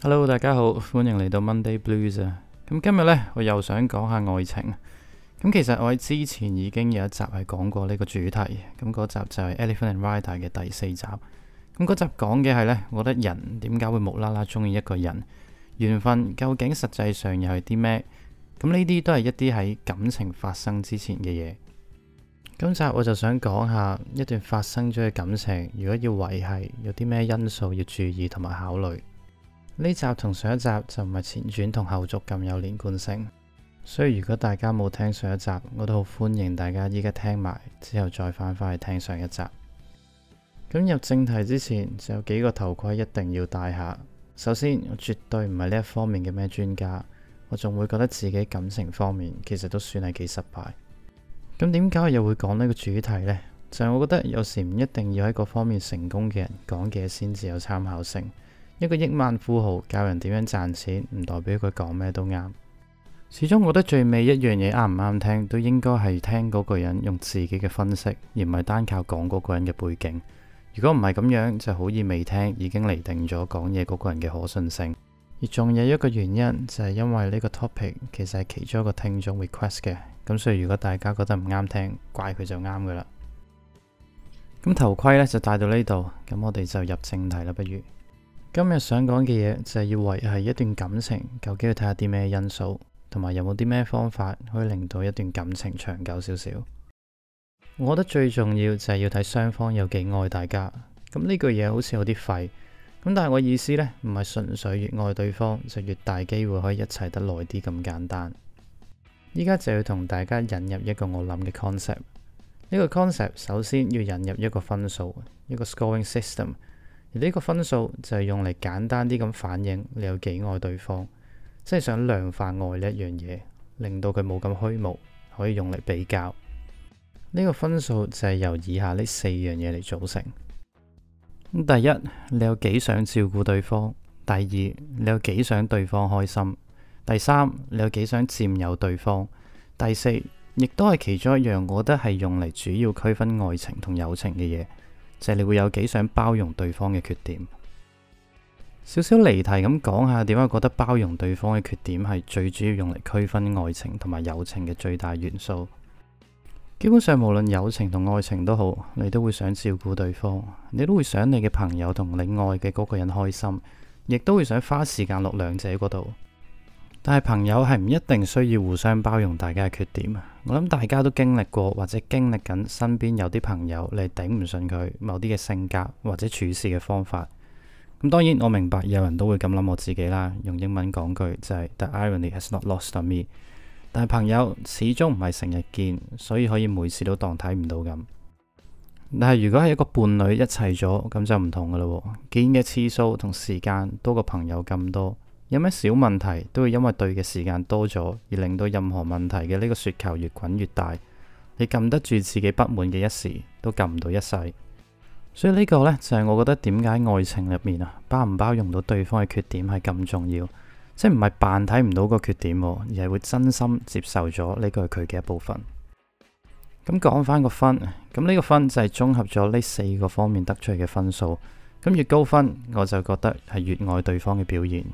Hello，大家好，歡迎嚟到 Monday Blues 啊。咁今日呢，我又想講下愛情。咁其實我喺之前已經有一集係講過呢個主題。咁嗰集就係 Elephant and Rider 嘅第四集。咁嗰集講嘅係呢：「我覺得人點解會無啦啦中意一個人？緣分究竟實際上又係啲咩？」咁呢啲都係一啲喺感情發生之前嘅嘢。今集我就想講下一段發生咗嘅感情，如果要維繫，有啲咩因素要注意同埋考慮？呢集同上一集就唔係前傳同後續咁有連貫性，所以如果大家冇聽上一集，我都好歡迎大家依家聽埋之後再返返去聽上一集。咁入正題之前，就有幾個頭盔一定要戴下。首先，我絕對唔係呢一方面嘅咩專家，我仲會覺得自己感情方面其實都算係幾失敗。咁點解我又會講呢個主題呢？就係我覺得有時唔一定要喺各方面成功嘅人講嘅先至有參考性。一個億萬富豪教人點樣賺錢，唔代表佢講咩都啱。始終我覺得最尾一樣嘢啱唔啱聽，都應該係聽嗰個人用自己嘅分析，而唔係單靠講嗰個人嘅背景。如果唔係咁樣，就好易未聽已經嚟定咗講嘢嗰個人嘅可信性。而仲有一個原因就係、是、因為呢個 topic 其實係其中一個聽眾 request 嘅，咁所以如果大家覺得唔啱聽，怪佢就啱噶啦。咁頭盔呢，就戴到呢度，咁我哋就入正題啦，不如。今日想講嘅嘢，就係要維繫一段感情，究竟要睇下啲咩因素，同埋有冇啲咩方法可以令到一段感情長久少少。我覺得最重要就係要睇雙方有幾愛大家。咁呢句嘢好似有啲廢，咁但係我意思呢，唔係純粹越愛對方就越大機會可以一齊得耐啲咁簡單。依家就要同大家引入一個我諗嘅 concept。呢個 concept 首先要引入一個分數，一個 scoring system。呢個分數就係用嚟簡單啲咁反映你有幾愛對方，即係想量化愛呢一樣嘢，令到佢冇咁虛無，可以用嚟比較。呢個分數就係由以下呢四樣嘢嚟組成。第一，你有幾想照顧對方；第二，你有幾想對方開心；第三，你有幾想佔有對方；第四，亦都係其中一樣，我覺得係用嚟主要區分愛情同友情嘅嘢。就係你會有幾想包容對方嘅缺點，少少離題咁講下，點解覺得包容對方嘅缺點係最主要用嚟區分愛情同埋友情嘅最大元素？基本上無論友情同愛情都好，你都會想照顧對方，你都會想你嘅朋友同你愛嘅嗰個人開心，亦都會想花時間落兩者嗰度。但係朋友係唔一定需要互相包容大家嘅缺點啊。我諗大家都經歷過或者經歷緊身邊有啲朋友，你頂唔順佢某啲嘅性格或者處事嘅方法。咁當然我明白有人都會咁諗我自己啦。用英文講句就係 The irony has not lost on me。但係朋友始終唔係成日見，所以可以每次都當睇唔到咁。但係如果係一個伴侶一齊咗，咁就唔同噶咯。見嘅次數同時間多過朋友咁多。有咩小問題都會因為對嘅時間多咗而令到任何問題嘅呢個雪球越滾越大。你撳得住自己不滿嘅一時，都撳唔到一世。所以呢個呢，就係我覺得點解愛情入面啊，包唔包容到對方嘅缺點係咁重要，即係唔係扮睇唔到個缺點，而係會真心接受咗呢個係佢嘅一部分。咁講翻個分，咁呢個分就係綜合咗呢四個方面得出嚟嘅分數。咁越高分，我就覺得係越愛對方嘅表現。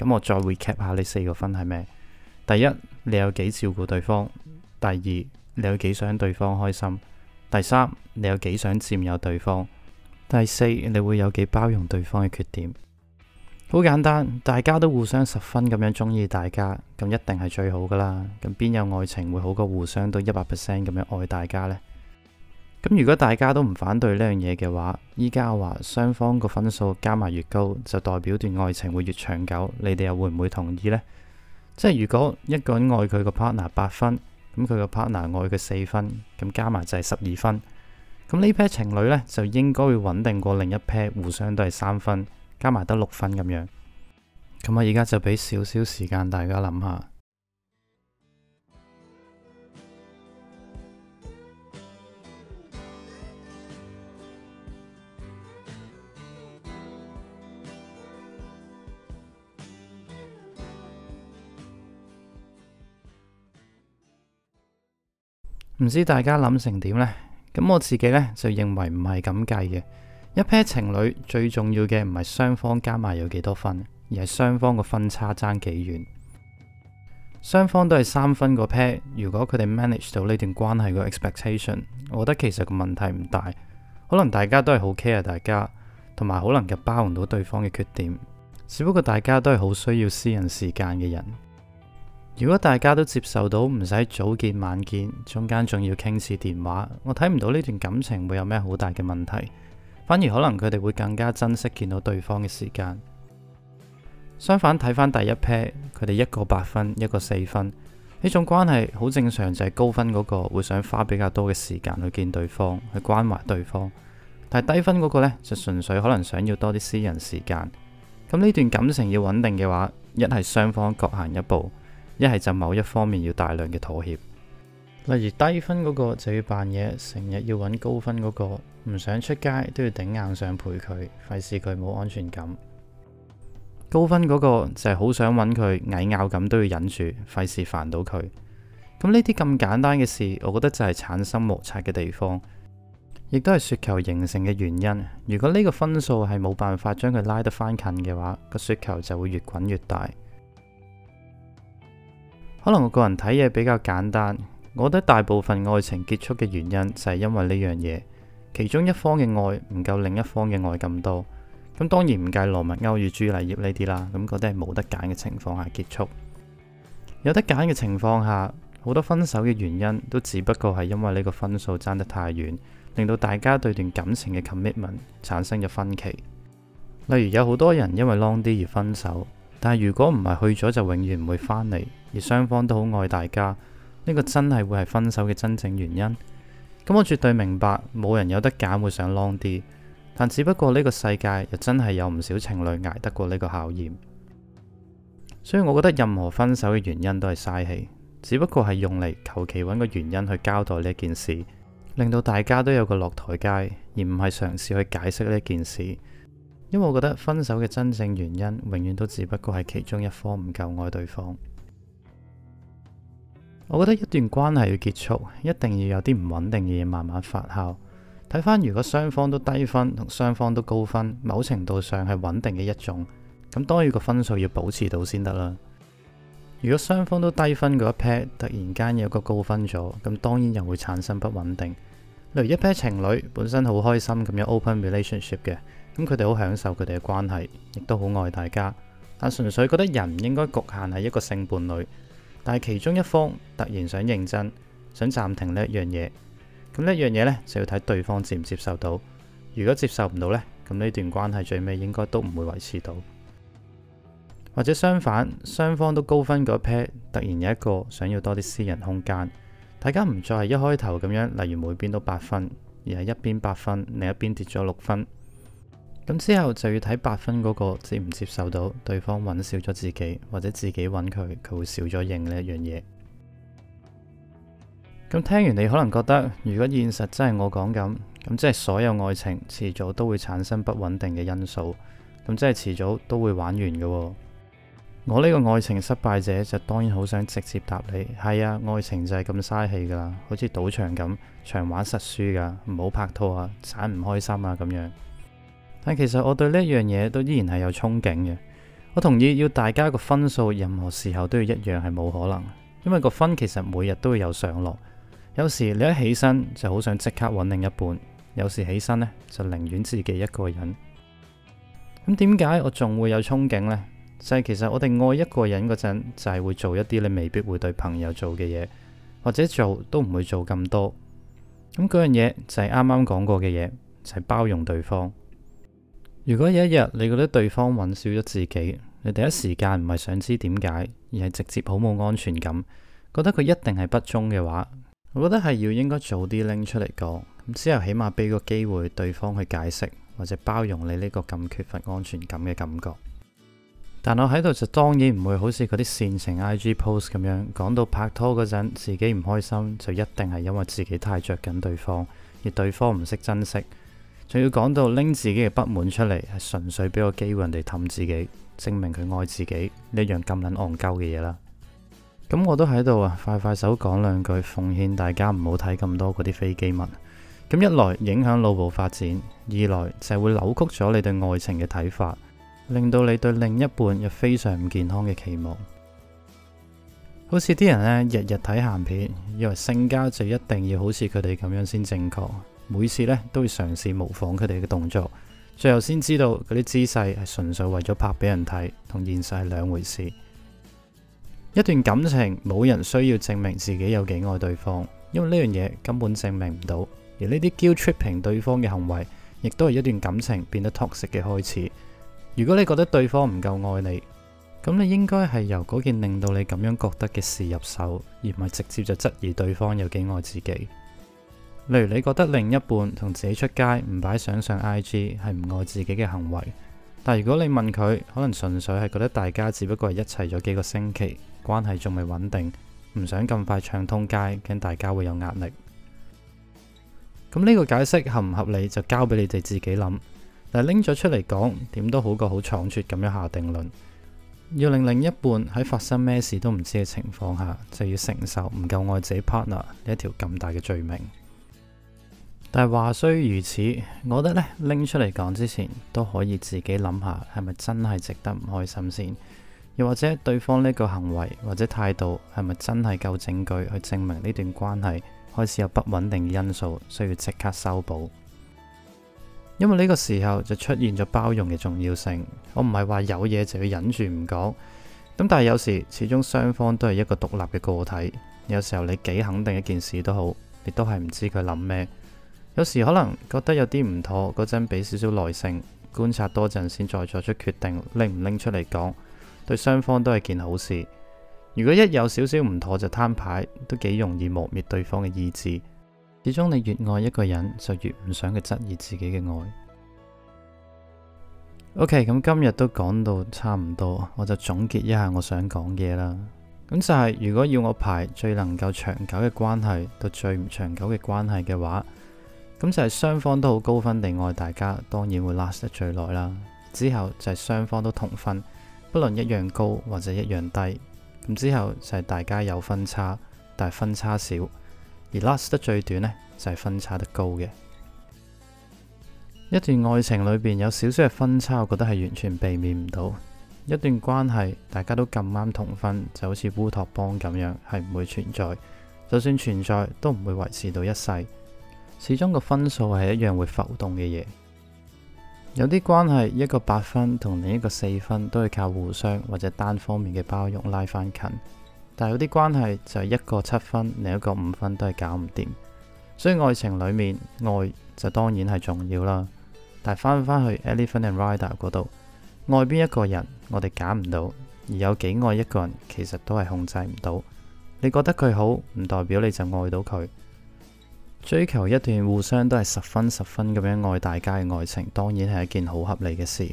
咁我再 recap 下呢四個分係咩？第一，你有幾照顧對方；第二，你有幾想對方開心；第三，你有幾想佔有對方；第四，你會有幾包容對方嘅缺點。好簡單，大家都互相十分咁樣中意大家，咁一定係最好噶啦。咁邊有愛情會好過互相都一百 percent 咁樣愛大家呢？咁如果大家都唔反對呢樣嘢嘅話，依家話雙方個分數加埋越高，就代表段愛情會越長久。你哋又會唔會同意呢？即係如果一個人愛佢個 partner 八分，咁佢個 partner 愛佢四分，咁加埋就係十二分。咁呢批情侶呢，就應該會穩定過另一批，互相都係三分，加埋得六分咁樣。咁我而家就俾少少時間大家諗下。唔知大家諗成點呢？咁我自己呢，就認為唔係咁計嘅。一 pair 情侶最重要嘅唔係雙方加埋有幾多分，而係雙方個分差爭幾遠。雙方都係三分個 pair，如果佢哋 manage 到呢段關係個 expectation，我覺得其實個問題唔大。可能大家都係好 care 大家，同埋可能就包容到對方嘅缺點。只不過大家都係好需要私人時間嘅人。如果大家都接受到唔使早見晚見，中間仲要傾次電話，我睇唔到呢段感情會有咩好大嘅問題，反而可能佢哋會更加珍惜見到對方嘅時間。相反，睇翻第一 pair，佢哋一個八分，一個四分，呢種關係好正常，就係高分嗰個會想花比較多嘅時間去見對方，去關懷對方，但係低分嗰個呢，就純粹可能想要多啲私人時間。咁呢段感情要穩定嘅話，一係雙方各行一步。一係就某一方面要大量嘅妥協，例如低分嗰個就要扮嘢，成日要揾高分嗰個，唔想出街都要頂硬上陪佢，費事佢冇安全感。高分嗰個就係好想揾佢蟻咬咁都要忍住，費事煩到佢。咁呢啲咁簡單嘅事，我覺得就係產生摩擦嘅地方，亦都係雪球形成嘅原因。如果呢個分數係冇辦法將佢拉得翻近嘅話，個雪球就會越滾越大。可能我個人睇嘢比較簡單，我覺得大部分愛情結束嘅原因就係因為呢樣嘢，其中一方嘅愛唔夠另一方嘅愛咁多。咁當然唔計羅密歐與朱麗葉呢啲啦，咁嗰啲係冇得揀嘅情況下結束。有得揀嘅情況下，好多分手嘅原因都只不過係因為呢個分數差得太遠，令到大家對段感情嘅 commitment 產生咗分歧。例如有好多人因為 long 啲而分手，但係如果唔係去咗就永遠唔會翻嚟。而雙方都好愛大家，呢個真係會係分手嘅真正原因。咁我絕對明白冇人有得揀，會想 long 啲，但只不過呢個世界又真係有唔少情侶捱得過呢個考驗，所以我覺得任何分手嘅原因都係嘥氣，只不過係用嚟求其揾個原因去交代呢件事，令到大家都有個落台階，而唔係嘗試去解釋呢件事。因為我覺得分手嘅真正原因永遠都只不過係其中一方唔夠愛對方。我覺得一段關係要結束，一定要有啲唔穩定嘅嘢慢慢發酵。睇翻如果雙方都低分同雙方都高分，某程度上係穩定嘅一種。咁當然個分數要保持到先得啦。如果雙方都低分嗰一 pair 突然間有個高分咗，咁當然又會產生不穩定。例如一 pair 情侶本身好開心咁樣 open relationship 嘅，咁佢哋好享受佢哋嘅關係，亦都好愛大家，但純粹覺得人應該局限係一個性伴侶。但係其中一方突然想認真，想暫停呢一樣嘢，咁呢一樣嘢咧就要睇對方接唔接受到。如果接受唔到咧，咁呢段關係最尾應該都唔會維持到。或者相反，雙方都高分嗰 pair 突然有一個想要多啲私人空間，大家唔再係一開頭咁樣，例如每邊都八分，而係一邊八分，另一邊跌咗六分。咁之後就要睇八分嗰個接唔接受到對方揾少咗自己，或者自己揾佢，佢會少咗認呢一樣嘢。咁聽完你可能覺得，如果現實真係我講咁，咁即係所有愛情遲早都會產生不穩定嘅因素，咁即係遲早都會玩完嘅。我呢個愛情失敗者就當然好想直接答你，係啊，愛情就係咁嘥氣㗎啦，好似賭場咁，長玩實輸㗎，唔好拍拖啊，散唔開心啊咁樣。但其實我對呢一樣嘢，都依然係有憧憬嘅。我同意要大家個分數，任何時候都要一樣係冇可能，因為個分其實每日都會有上落。有時你一起身就好想即刻搵另一半，有時起身呢就寧願自己一個人。咁點解我仲會有憧憬呢？就係其實我哋愛一個人嗰陣，就係會做一啲你未必會對朋友做嘅嘢，或者做都唔會做咁多。咁嗰樣嘢就係啱啱講過嘅嘢，就係包容對方。如果有一日你覺得對方揾少咗自己，你第一時間唔係想知點解，而係直接好冇安全感，覺得佢一定係不忠嘅話，我覺得係要應該早啲拎出嚟講，之後起碼俾個機會對方去解釋或者包容你呢個咁缺乏安全感嘅感覺。但我喺度就當然唔會好似嗰啲煽情 IG post 咁樣，講到拍拖嗰陣自己唔開心就一定係因為自己太着緊對方，而對方唔識珍惜。仲要講到拎自己嘅不滿出嚟，係純粹俾個機會人哋氹自己，證明佢愛自己呢樣咁撚戇鳩嘅嘢啦。咁我都喺度啊，快快手講兩句，奉勸大家唔好睇咁多嗰啲飛機文。咁一來影響腦部發展，二來就會扭曲咗你對愛情嘅睇法，令到你對另一半有非常唔健康嘅期望。好似啲人呢，日日睇咸片，以為性交就一定要好似佢哋咁樣先正確。每次呢，都要嘗試模仿佢哋嘅動作，最後先知道嗰啲姿勢係純粹為咗拍俾人睇，同現實係兩回事。一段感情冇人需要證明自己有幾愛對方，因為呢樣嘢根本證明唔到。而呢啲叫「guilt tripping」對方嘅行為，亦都係一段感情變得 toxic 嘅開始。如果你覺得對方唔夠愛你，咁你應該係由嗰件令到你咁樣覺得嘅事入手，而唔係直接就質疑對方有幾愛自己。例如你覺得另一半同自己出街唔擺相上 IG 係唔愛自己嘅行為，但如果你問佢，可能純粹係覺得大家只不過係一齊咗幾個星期，關係仲未穩定，唔想咁快唱通街，驚大家會有壓力。咁呢個解釋合唔合理，就交俾你哋自己諗。但拎咗出嚟講，點都好過好倉促咁樣下定論，要令另一半喺發生咩事都唔知嘅情況下，就要承受唔夠愛自己 partner 呢一條咁大嘅罪名。但係話雖如此，我覺得呢，拎出嚟講之前都可以自己諗下，係咪真係值得唔開心先？又或者對方呢個行為或者態度係咪真係夠證據去證明呢段關係開始有不穩定因素，需要即刻修補。因為呢個時候就出現咗包容嘅重要性。我唔係話有嘢就要忍住唔講咁，但係有時始終雙方都係一個獨立嘅個體。有時候你幾肯定一件事都好，你都係唔知佢諗咩。有時可能覺得有啲唔妥，嗰陣俾少少耐性觀察多陣先再作出決定，拎唔拎出嚟講，對雙方都係件好事。如果一有少少唔妥就攤牌，都幾容易磨滅對方嘅意志。始終你越愛一個人，就越唔想去質疑自己嘅愛。OK，咁今日都講到差唔多，我就總結一下我想講嘅嘢啦。咁就係，如果要我排最能夠長久嘅關係到最唔長久嘅關係嘅話。咁就係雙方都好高分，另外大家當然會 last 得最耐啦。之後就係雙方都同分，不論一樣高或者一樣低。咁之後就係大家有分差，但係分差少。而 last 得最短呢，就係分差得高嘅。一段愛情裏邊有少少嘅分差，我覺得係完全避免唔到。一段關係大家都咁啱同分，就好似烏托邦咁樣，係唔會存在。就算存在，都唔會維持到一世。始終個分數係一樣會浮動嘅嘢，有啲關係一個八分同另一個四分都係靠互相或者單方面嘅包容拉翻近，但有啲關係就係一個七分另一個五分都係搞唔掂，所以愛情裏面愛就當然係重要啦。但翻返去 Elephant and Rider 嗰度，愛邊一個人我哋揀唔到，而有幾愛一個人其實都係控制唔到。你覺得佢好，唔代表你就愛到佢。追求一段互相都係十分十分咁樣愛大家嘅愛情，當然係一件好合理嘅事。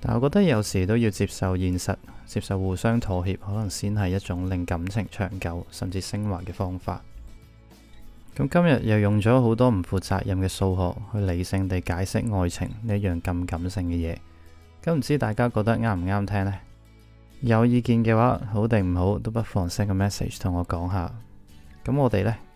但我覺得有時都要接受現實，接受互相妥協，可能先係一種令感情長久甚至升華嘅方法。咁今日又用咗好多唔負責任嘅數學去理性地解釋愛情呢一樣咁感性嘅嘢，咁唔知大家覺得啱唔啱聽呢？有意見嘅話，好定唔好，都不妨 send 個 message 同我講下。咁我哋呢。